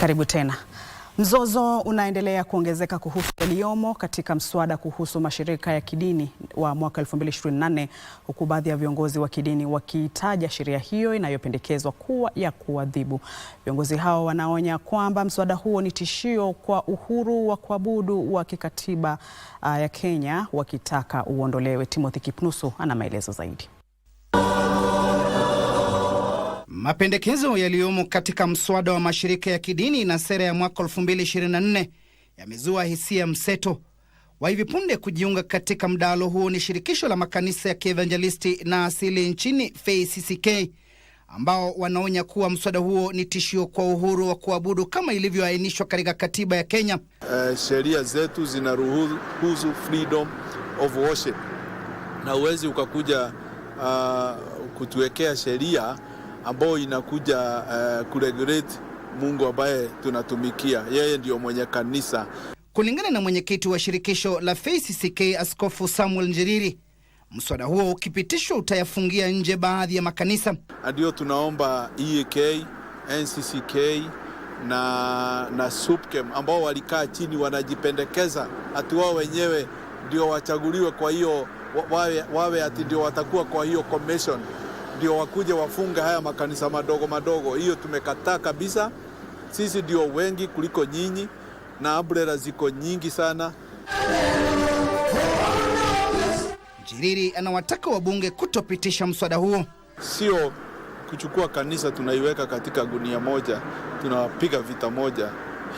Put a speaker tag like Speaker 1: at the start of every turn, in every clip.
Speaker 1: Karibu tena. Mzozo unaendelea kuongezeka kuhusu yaliyomo katika mswada kuhusu mashirika ya kidini wa mwaka 2024 huku baadhi ya viongozi wa kidini wakiitaja sheria hiyo inayopendekezwa kuwa ya kuadhibu. Viongozi hao wanaonya kwamba mswada huo ni tishio kwa uhuru wa kuabudu wa kikatiba uh, ya Kenya wakitaka uondolewe. Timothy Kipnusu ana maelezo zaidi. Mapendekezo yaliyomo katika mswada wa mashirika ya kidini na sera ya mwaka 2024 yamezua hisia mseto. Wa hivi punde kujiunga katika mdahalo huo ni shirikisho la makanisa ya kievanjelisti na asili nchini FCCK, ambao wanaonya kuwa mswada huo ni tishio kwa uhuru wa kuabudu kama ilivyoainishwa katika katiba ya Kenya.
Speaker 2: Uh, sheria zetu zinaruhusu freedom of worship na uwezi ukakuja uh, kutuwekea sheria ambayo inakuja uh, kuregulate Mungu ambaye tunatumikia. Yeye ndiyo mwenye kanisa.
Speaker 1: Kulingana na mwenyekiti wa shirikisho la FCCK Askofu Samuel Njiriri, mswada huo ukipitishwa utayafungia nje baadhi ya makanisa.
Speaker 2: Ndio tunaomba EAK, NCCK na, na SUPKEM ambao walikaa chini wanajipendekeza hati wao wenyewe ndio wachaguliwe, kwa hiyo wawe, wawe hati ndio watakuwa kwa hiyo commission ndio wakuje wafunge haya makanisa madogo madogo. Hiyo tumekataa kabisa. Sisi ndio wengi kuliko nyinyi na abrela ziko nyingi sana.
Speaker 1: Mchiriri anawataka wabunge kutopitisha mswada huo,
Speaker 2: sio kuchukua kanisa tunaiweka katika gunia moja, tunawapiga vita moja.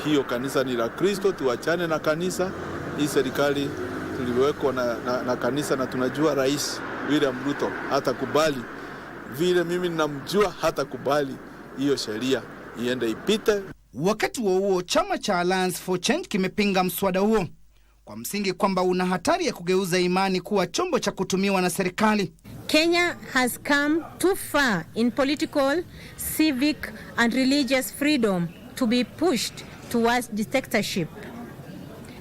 Speaker 2: Hiyo kanisa ni la Kristo, tuachane na kanisa hii. Serikali tuliwekwa na, na, na kanisa na tunajua Rais William Ruto hatakubali vile mimi ninamjua kubali hiyo sheria iende ipite.
Speaker 1: Wakati huo huo, chama cha Alliance for Change kimepinga mswada huo kwa msingi kwamba una hatari ya kugeuza imani kuwa chombo cha kutumiwa na serikali.
Speaker 3: Kenya has come too far in political, civic and religious freedom to be pushed towards dictatorship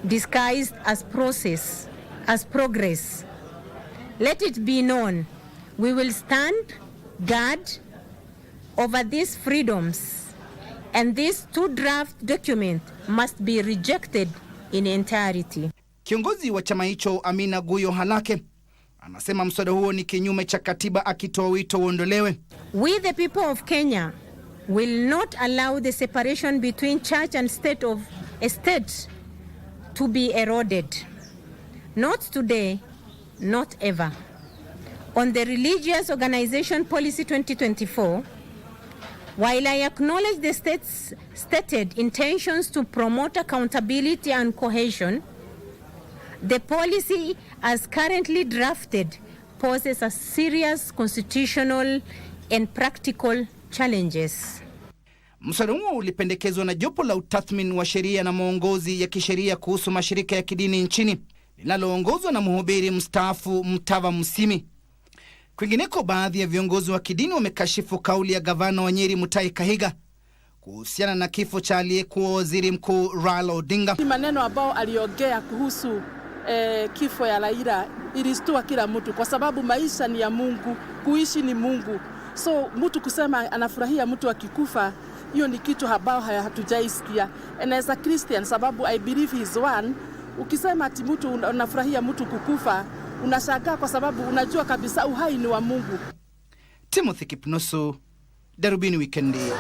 Speaker 3: disguised as process, as progress. Let it be known we will stand guard over these freedoms and these two draft document must be rejected in entirety.
Speaker 1: Kiongozi wa chama hicho Amina Guyo Halake anasema mswada huo ni kinyume cha katiba, akitoa wito uondolewe.
Speaker 3: We the people of Kenya will not allow the separation between church and state of a state to be eroded. Not today, not ever. On the religious organization policy 2024, while I acknowledge the state's stated intentions to promote accountability and cohesion, the policy as currently drafted poses a serious constitutional and practical challenges.
Speaker 1: Mswada huo ulipendekezwa na jopo la utathmini wa sheria na maongozi ya kisheria kuhusu mashirika ya kidini nchini linaloongozwa na mhubiri mstaafu Mtava Msimi. Kwingineko, baadhi ya viongozi wa kidini wamekashifu kauli ya gavana wa Nyeri Mutahi Kahiga kuhusiana na kifo cha aliyekuwa waziri mkuu Raila Odinga.
Speaker 4: Ni maneno ambayo aliongea kuhusu eh, kifo ya Raila ilistua kila mtu, kwa sababu maisha ni ya Mungu, kuishi ni Mungu. So mtu kusema anafurahia mtu akikufa, hiyo ni kitu ambao hatujaisikia, and as a Christian, sababu I believe he is one. Ukisema ati mtu unafurahia mtu kukufa unashangaa kwa sababu unajua kabisa uhai ni wa Mungu.
Speaker 1: Timothy Kipnusu, Darubini Wikendi.